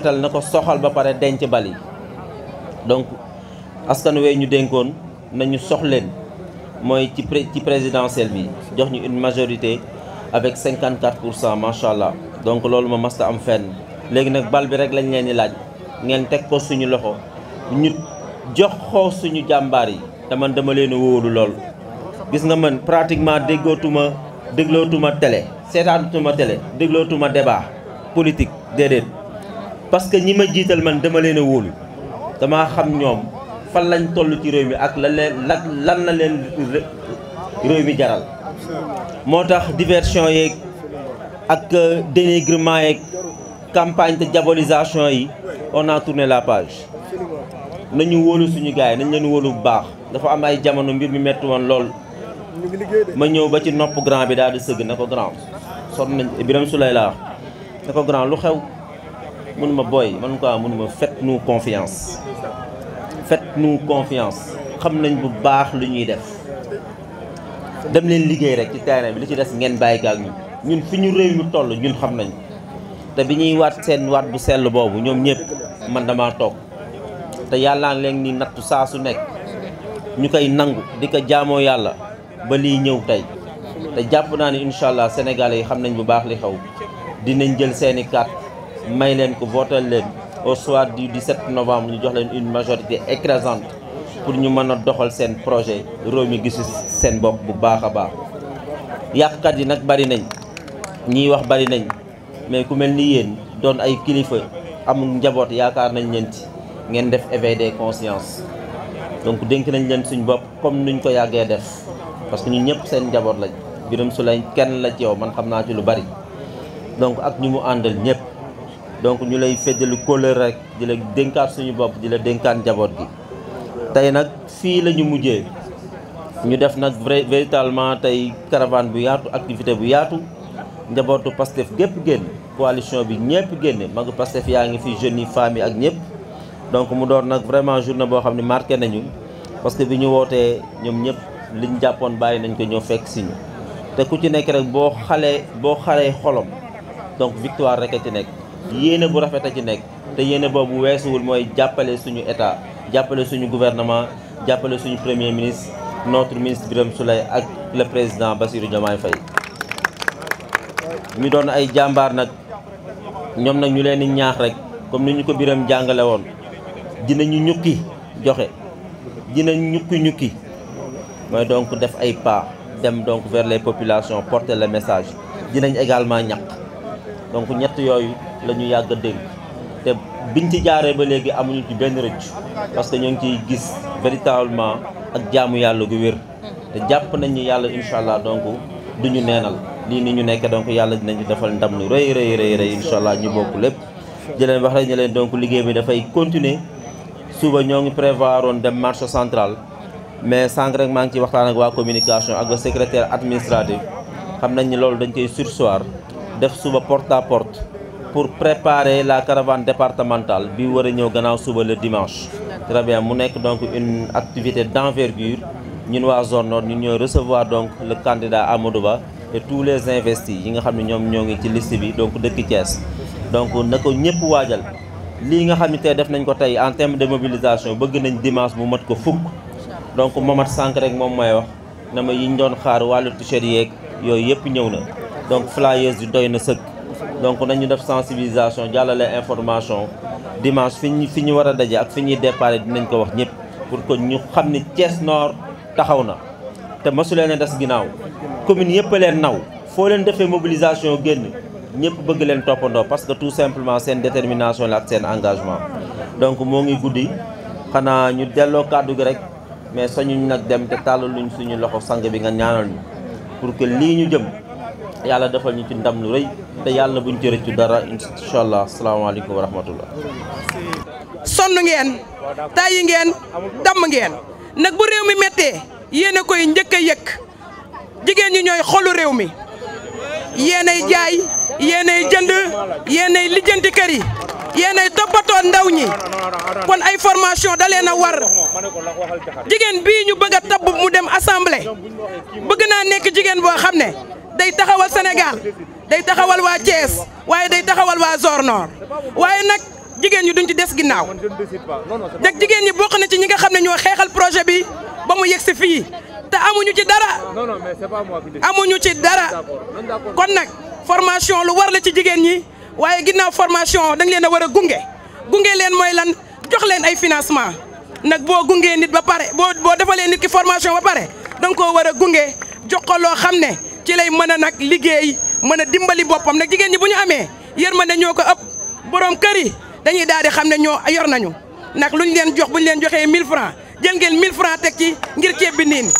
rafetal na ko soxal ba pare denc bal donc askan wee ñu dénkoon nañu soxleen mooy ci pré ci présidentielle bi jox ñu une majorité avec 54 pour cent macha allah donc loolu ma masta am fenn léegi nag bal bi rek lañ leen di laaj ngeen teg ko suñu loxo ñu jox ko suñu jàmbaar yi te man dama leen wóolu lool. gis nga man pratiquement déggootuma déglootuma télé seetaanutuma télé déglootuma débat politique déedéet. parce que ñi ma jiital man dama leen a wóolu damaa xam ñoom fan lañ toll ci réew mi ak lan leen lan la leen réew mi jaral moo tax diversion yeeg ak dénigrement yeeg campagne te diabolisation yi on a la page nañu wóolu suñu gars yi nañ leen wóolu bu baax dafa am ay jamono mbir mi metti woon lool ma ñëw ba ci nopp grand bi daal di sëgg na ko grand sonn nañ Birame Souleye laa na ko grand lu xew mun ma booy man quoi mun ma faites-nous confiance faites-nous confiance xam nañ bu baax lu ñuy def dem leen liggéey rek ci terrain bi li ci des ngeen bàyyi ak ñun ñun fi ñu réew mi toll ñun xam nañu te bi ñuy waat seen waat bu sell boobu ñoom ñëpp man damaa toog te yàlla leen ni nattu saa su nekk ñu koy nangu di ko jaamoo yàlla ba liy ñëw tey te jàpp naa ni incha allah sénégalais yi xam nañ bu baax li xew dinañ jël seeni carte may leen ko votal leen au di du 17 novembre ñu jox leen une majorité écrasante pour ñu mën a doxal seen projet réew mi gisu seen bopp bu baax a baax yàqkat yi nag bari nañ ñiy wax bari nañ mais ku mel ni yéen doon ay kilifa amul njaboot yaakaar nañ leen ci ngeen def éveil des consciences donc dénk nañ leen suñ bopp comme nuñ ko yàggee def parce que ñu ñëpp seen njaboot lañ Birame Souleye kenn la ci yow man xam naa ci lu bari donc ak ñu mu àndal ñëpp donc ñu lay feddali kóllëre rek di la dénkaat suñu bopp di la dénkaan njaboot gi tey nag fii la ñu mujjee ñu def nag vrai véritablement tey caravane bu yaatu activité bu yaatu njabootu Pastef gépp génn coalition bi ñëpp génne magu Pastef yaa ngi fi jeunes yi femmes ak ñëpp donc mu doon nag vraiment journée boo xam ne marqué nañu parce que bi ñu wootee ñoom ñëpp liñ jàppoon bàyyi nañ ko ñëw fekk si ñu te ku ci nekk rek boo xalee boo xalee xolom donc victoire rek ci nekk yéene bu rafet a ci nekk te yéene boobu weesuwul mooy jàppale suñu état jàppale suñu gouvernement jàppale suñu premier ministre notre ministre biram Souleye ak le président Bassirou Diomaye fay ñu doon ay jàmbaar nag ñoom nag ñu leen di ñaax rek comme ni ñu ko Birame jàngale woon dinañu ñukki joxe dinañ ñukki ñukki mooy donc def ay pa dem donc vers les populations porter le message dinañ également ñaq donc ñett yooyu la ñu yàgg dégg te biñ ci jaaree ba léegi amuñu ci benn rëcc parce que ñoo ngi ciy gis véritablement ak jaamu yàlla gu wér te jàpp nañ ni yàlla incha allah donc du ñu neenal lii ni ñu nekkee donc yàlla dinañu defal ndam lu rëy rëy rëy rëy allah ñu bokk lépp di leen wax rek ne leen donc liggéey bi dafay continuer suba ñoo ngi prévoir woon dem marché central mais sànq rek maa ngi ci waxtaan ak waa communication ak le secrétaire administratif xam nañ ni loolu dañ koy sursoir def suba porte à porte pour préparer la caravane départementale bi war a ñëw gannaaw suba le dimanche. très mu nekk donc une activité d'envergure ñun waa zone ñu ñun ñooy recevoir donc le candidat Amadou Ba et tous les investis yi nga xam ne ñoom ñoo ngi ci liste bi donc dëkk Thiès donc na ko ñëpp waajal. lii nga xam ne tey def nañ ko tey en terme de mobilisation bëgg nañ dimanche mu mat ko fukk donc mat sànq rek moom may wax na ma yiñ doon xaar wàllu t yeeg yooyu yëpp ñëw na donc flyers yi doy na sëkk donc nañu def sensibilisation jàllale information dimanche fi fi ñu war a daje ak fi ñuy déparé dinañ ko wax ñëpp pour que ñu xam ni Thiès Nord taxaw na te mosu leen a des ginnaaw commune yëpp leen naw foo leen defee mobilisation génn ñëpp bëgg leen toppandoo parce que tout simplement seen détermination la ak seen engagement donc moo ngi guddi xanaa ñu delloo kàddu gi rek mais sañuñ nag dem te tàllaluñ suñu loxo sang bi nga ñaanal pour lii ñu jëm yàlla defal ñu ci ndam lu rëy te yàlla buñ ci rëccu dara incha allah salaamaaleykum wa sonn ngeen tàyyi ngeen damm ngeen nag bu réew mi méttee yéen koy njëkk a yëkk jigéen ñi ñooy xolu réew mi yéenay jaay yéenay jënd yéenay lijjanti kër yi yéenay toppatoo ndaw ñi kon ay formation da leen a war jigéen bii ñu bëgg a mu dem assemblée bëgg naa nekk jigéen boo xam ne day taxawal Sénégal day taxawal waa Thiès waaye day taxawal waa Zor Nord waaye nag jigéen ñi duñ ci des ginnaaw nag jigéen ñi bokk na ci ñi nga xam ne ñoo xeexal projet bi ba mu yegg si fii te amuñu ci dara amuñu ci dara kon nag formation lu war la ci jigéen ñi waaye ginnaaw formation dañ leen a war a gunge gunge leen mooy lan jox leen ay financement nag boo gungee nit ba pare boo boo defalee nit ki formation ba pare danga koo war a gunge jox ko loo xam ne ci lay mën a nag liggéey mën a dimbali boppam nag jigéen ñi bu ñu amee yërmande ñoo ko ëpp borom kër yi dañuy daal di xam ne ñoo yor nañu nag lu ñu leen jox bu ñu leen joxee mille francs jël ngeen 1000 francs teg ci ngir ceeb bi niin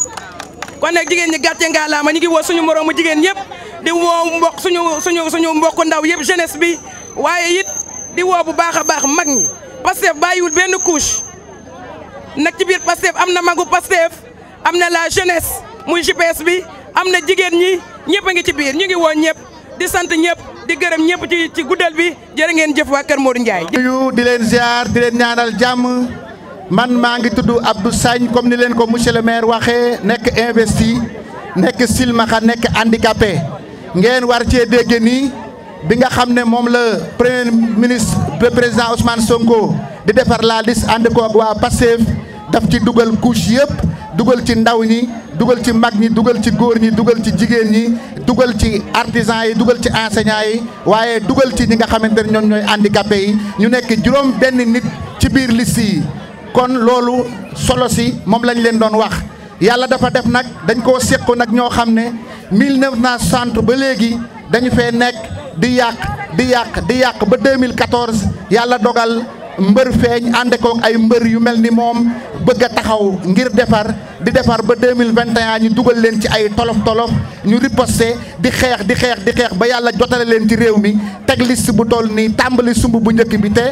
kon nag jigéen ñi gàcce ngaalaama ñu ngi woo suñu moroomu jigéen yëpp di woo mbokk suñu suñu suñu mbokk ndaw yëpp jeunesse bi waaye it di woo bu baax a baax mag ñi Pastef bàyyiwul benn couche nag ci biir Pastef am na magu Pastef am na la jeunesse muy GPS bi am na jigéen ñi ñëpp a ngi ci biir ñu ngi woon ñëpp di sant ñëpp di gërëm ñëpp ci ci guddal bi jër ngeen jëf waa Kër Modou Ndiaye. nuyu di leen ziar di leen ñaanal jàmm man maa ngi tudd Abdou Sagne comme ni leen ko monsieur le maire waxee nekk investi nekk silmaxa nekk handicapé ngeen war cee dégg nii bi nga xam ne moom la premier ministre président Ousmane Sonko di defar la liste ànd ko ak waa Pastef daf ci dugal couche yëpp dugal ci ndaw ñi. dugal ci mag ñi dugal ci góor ñi dugal ci jigéen ñi dugal ci artisan yi dugal ci enseignant yi waaye dugal ci ñi nga xamante ne ñoom ñooy handicapé yi ñu nekk juróom benn nit ci biir liste yi kon loolu solo si moom lañ leen doon wax yàlla dafa def nag dañ koo séqu nag ñoo xam ne 1960 ba léegi dañu fee nekk di yàq di yàq di yàq ba 2014 yàlla dogal mbër feeñ ànd kook ay mbër yu mel ni moom bëgg a taxaw ngir defar di defar ba 2021 ñu dugal leen ci ay tolof tolof ñu riposté di xeex di xeex di xeex ba yàlla jotale leen ci réew mi teg liste bu toll nii tàmbali sumb bu njëkk bi te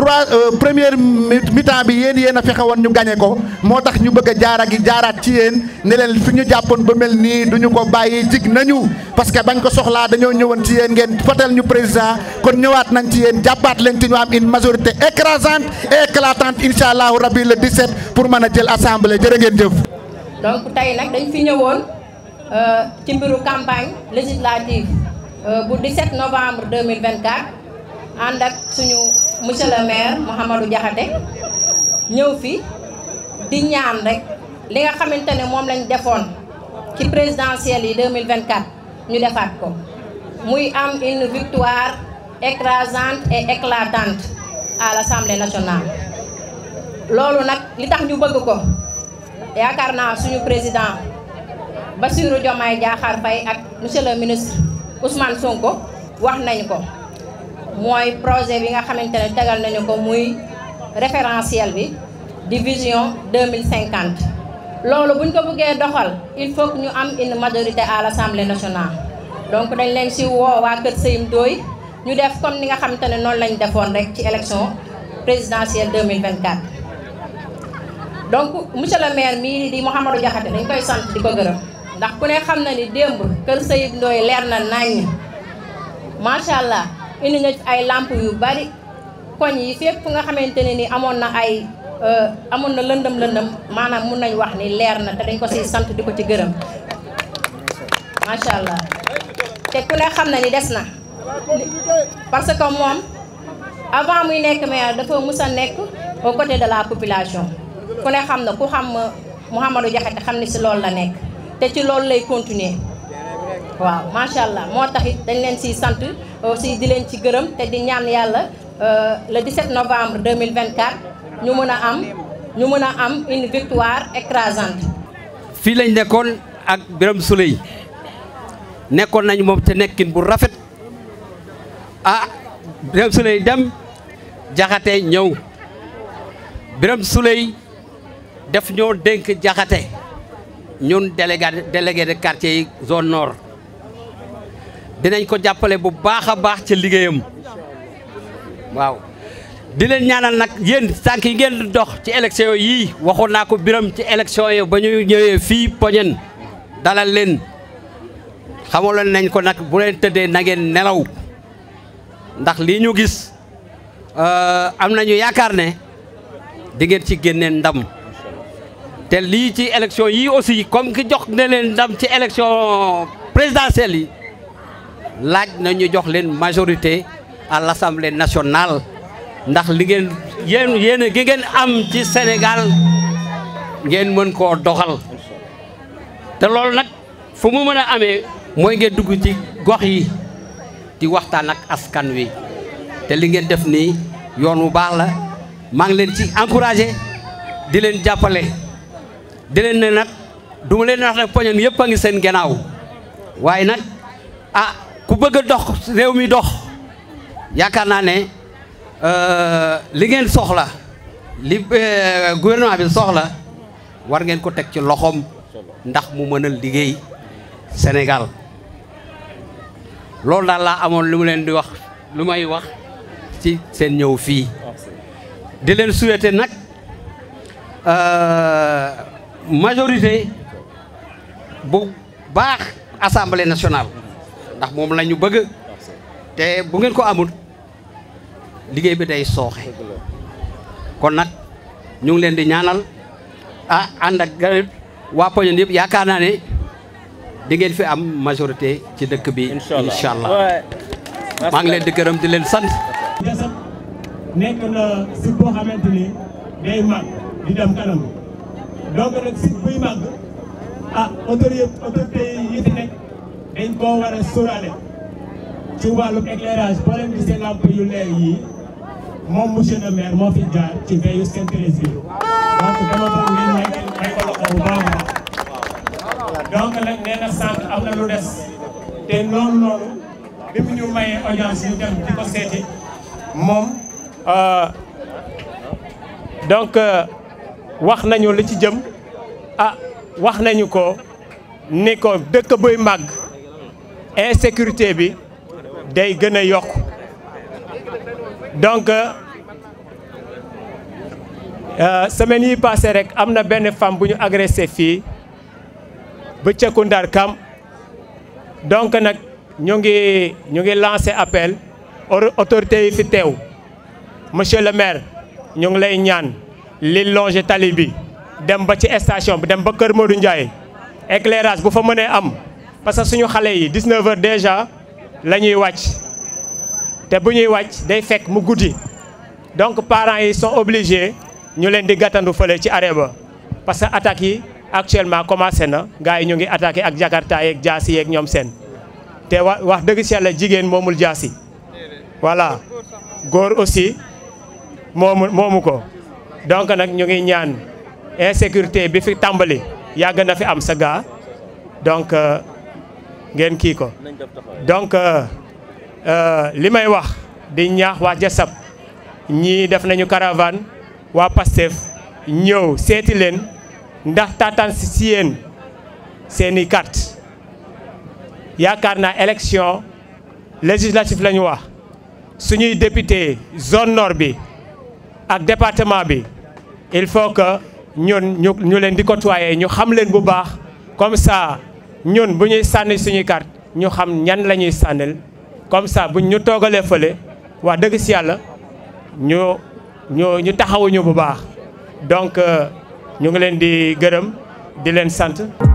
trois euh, première mi-temps bi yéen yéen a fexe woon ñu gañe ko moo tax ñu bëgg a jaara gi jaaraat ci yéen ne fi ñu jàppoon ba mel nii duñu ko bàyyi jig nañu parce que bañ ko soxlaa dañoo ñëwoon ci yéen ngeen fotal ñu président kon ñëwaat nañ ci yéen jàppaat leen ci ñu am une majorité écrasante et éclatante incha allahu rabi pour mën a jël assemblée jërë ngeen jëf. donc tey nag dañ fi ñëwoon euh, ci mbiru campagne législative euh, bu 17 novembre 2024 ànd ak suñu. monsieur le maire Mouhamadou Diakhaté ñëw fi di ñaan rek li nga xamante ne moom lañ defoon ci présidentielle yi 2024 ñu defaat ko muy am une victoire écrasante et éclatante à l'Assemblée national loolu nag li tax ñu bëgg ko yaakaar naa suñu président Bassirou Diomaye Diakhar Faye ak monsieur le ministre Ousmane Sonko wax nañ ko mooy projet bi nga xamante ne tegal nañu ko muy référentiel bi di vision 2050 loolu buñ ko buggee doxal il faut que ñu am une majorité à l'Assemblée nationale donc dañ leen si woo waa Kër Seyim Doy ñu def comme ni nga xamante ne noonu lañ defoon rek ci élection présidentielle 2024 donc monsieur le maire mii di Mouhamadou Diakhaté dañ koy sant di ko gërëm ndax ku ne xam na ni démb Kër Seyim Doy leer na naññ macha allah. indi na ay làmp yu bari koñ yi fépp fu nga xamante ne nii amoon na ay euh, amoon na lëndëm lëndëm maanaam mun nañ wax ni leer na te dañ ko siy sant di ko ci gërëm macha allah te ku ne xam na ni des na parce que moom avant muy nekk maire dafa mus a nekk au côté de la population ku ne xam na ku xam Mouhamadou Diakhaté xam ni si loolu la nekk te ci loolu lay continuer waaw macha allah moo tax dañ leen si sant aussi di leen ci gërëm te di ñaan yàlla euh, le 17 novembre 2024 ñu mën a am ñu mën a am une victoire écrasante. fii lañ nekkoon ak Birame Souleye nekkoon nañu moom te nekkin bu rafet ah Birame Souleye dem jaxate ñëw Birame Souleye def ñoo dénk jaxate ñun délégué délégué de quartier yi zone nord. dinañ ko jàppale bu baax a baax ci liggéeyam waaw di leen ñaanal nag yéen tànk yi ngeen di dox ci élection yii waxoon naa ko biram ci élection yi ba ñu ñëwee fii poñen dalal leen xamaloon nañ ko nag bu leen tëddee na nelaw ndax lii ñu gis euh, am nañu yaakaar ne di ngeen ci génnee ndam te lii ci élection yii aussi comme ki jox ne leen ndam ci élection présidentielle yi laaj na ñu jox leen majorité à l'Assemblée nationale ndax li ngeen yéen yéen gi ngeen am ci Sénégal ngeen mën koo doxal te loolu nag fu mu mën a amee mooy ngeen dugg ci gox yi di waxtaan ak askan wi te li ngeen def nii yoon wu baax la maa ngi leen ci encouragé di leen jàppale di leen ne nag du leen wax nag poñam yëpp a ngi seen gannaaw waaye nag ah bëgg a dox réew mi dox yaakaar naa ne euh, li ngeen soxla li euh, gouvernement bi soxla war ngeen ko teg ci loxoom ndax mu mënal liggéey Sénégal loolu daal laa amoon lu mu leen di wax lu may wax ci seen ñëw fii di leen souhaiter nag euh, majorité bu baax assamble nationale ndax moom la ñu bëgg te bu ngeen ko amul liggéey bi day sooxe kon nag ñu ngi leen di ñaanal a ànd ak garab waa Poñan yëpp yaakaar naa ne di ngeen fi am majorité ci dëkk bi incha allah maa ngi leen di gërëm di leen sant nekk na site boo xamante ni day màgg di dem kanam donc nag site buy màgg ah autorité autorité yi nekk dañ koo war a sóoraale ci wàllum éclairage problème bi yu leer yi moom monsieur le moo fi jaar ci veillu Saint Thérèse bi donc dama donc nag nee na sànq am lu des te noonu noonu bi mu ñu mayee audience ñu dem di ko seeti moom euh, donc euh, wax nañu li ci jëm ah wax nañu ko ni ko dëkk buy màgg insécurité bi day gën a yokk donc euh, semaine yi passé rek am na benn femme bu ñu agressé fii ba cëkku Ndar Kam donc nag ñu ngi ñu ngi lancé appel autorité yi fi teew monsieur le maire ñu ngi lay ñaan li longe tali bi dem ba ci station bi dem ba Kër Modou Ndiaye éclairage bu fa mënee am parce que suñu xale yi 19 heures déjà la ñuy wàcc te bu ñuy wàcc day fekk mu guddi donc parent yi soo obligés ñu leen di gàttandu fële ci arrêt ba parce que attaques yi actuellement commencé na gars yi ñu ngi attaqué ak jakarta yeeg jaasi yeeg ñoom seen te wa wax dëgg si yàlla jigéen moomul jaasi voilà góor aussi moomu moomu ko donc nag ñu ngi ñaan insécurité bi fi tàmbali yàgg na fi am sa donc euh, ngeen kii ko donc euh, euh, li may wax di ñaax waa jasab ñii def nañu caravane waa Pastef ñëw seeti leen ndax taataan si yéen seeni carte yaakaar naa élection législative la ñu wax suñuy député zone nord bi ak département bi il faut que ñu ñu leen di côtoyer ñu xam bu baax comme ça ñun bu ñuy sànni suñuy carte ñu xam ñan la ñuy sànnil comme ça buñ ñu toogalee fële wax dëgg si yàlla ñu ñu ñu taxawuñu bu baax donc euh, ñu ngi leen di gërëm di leen sant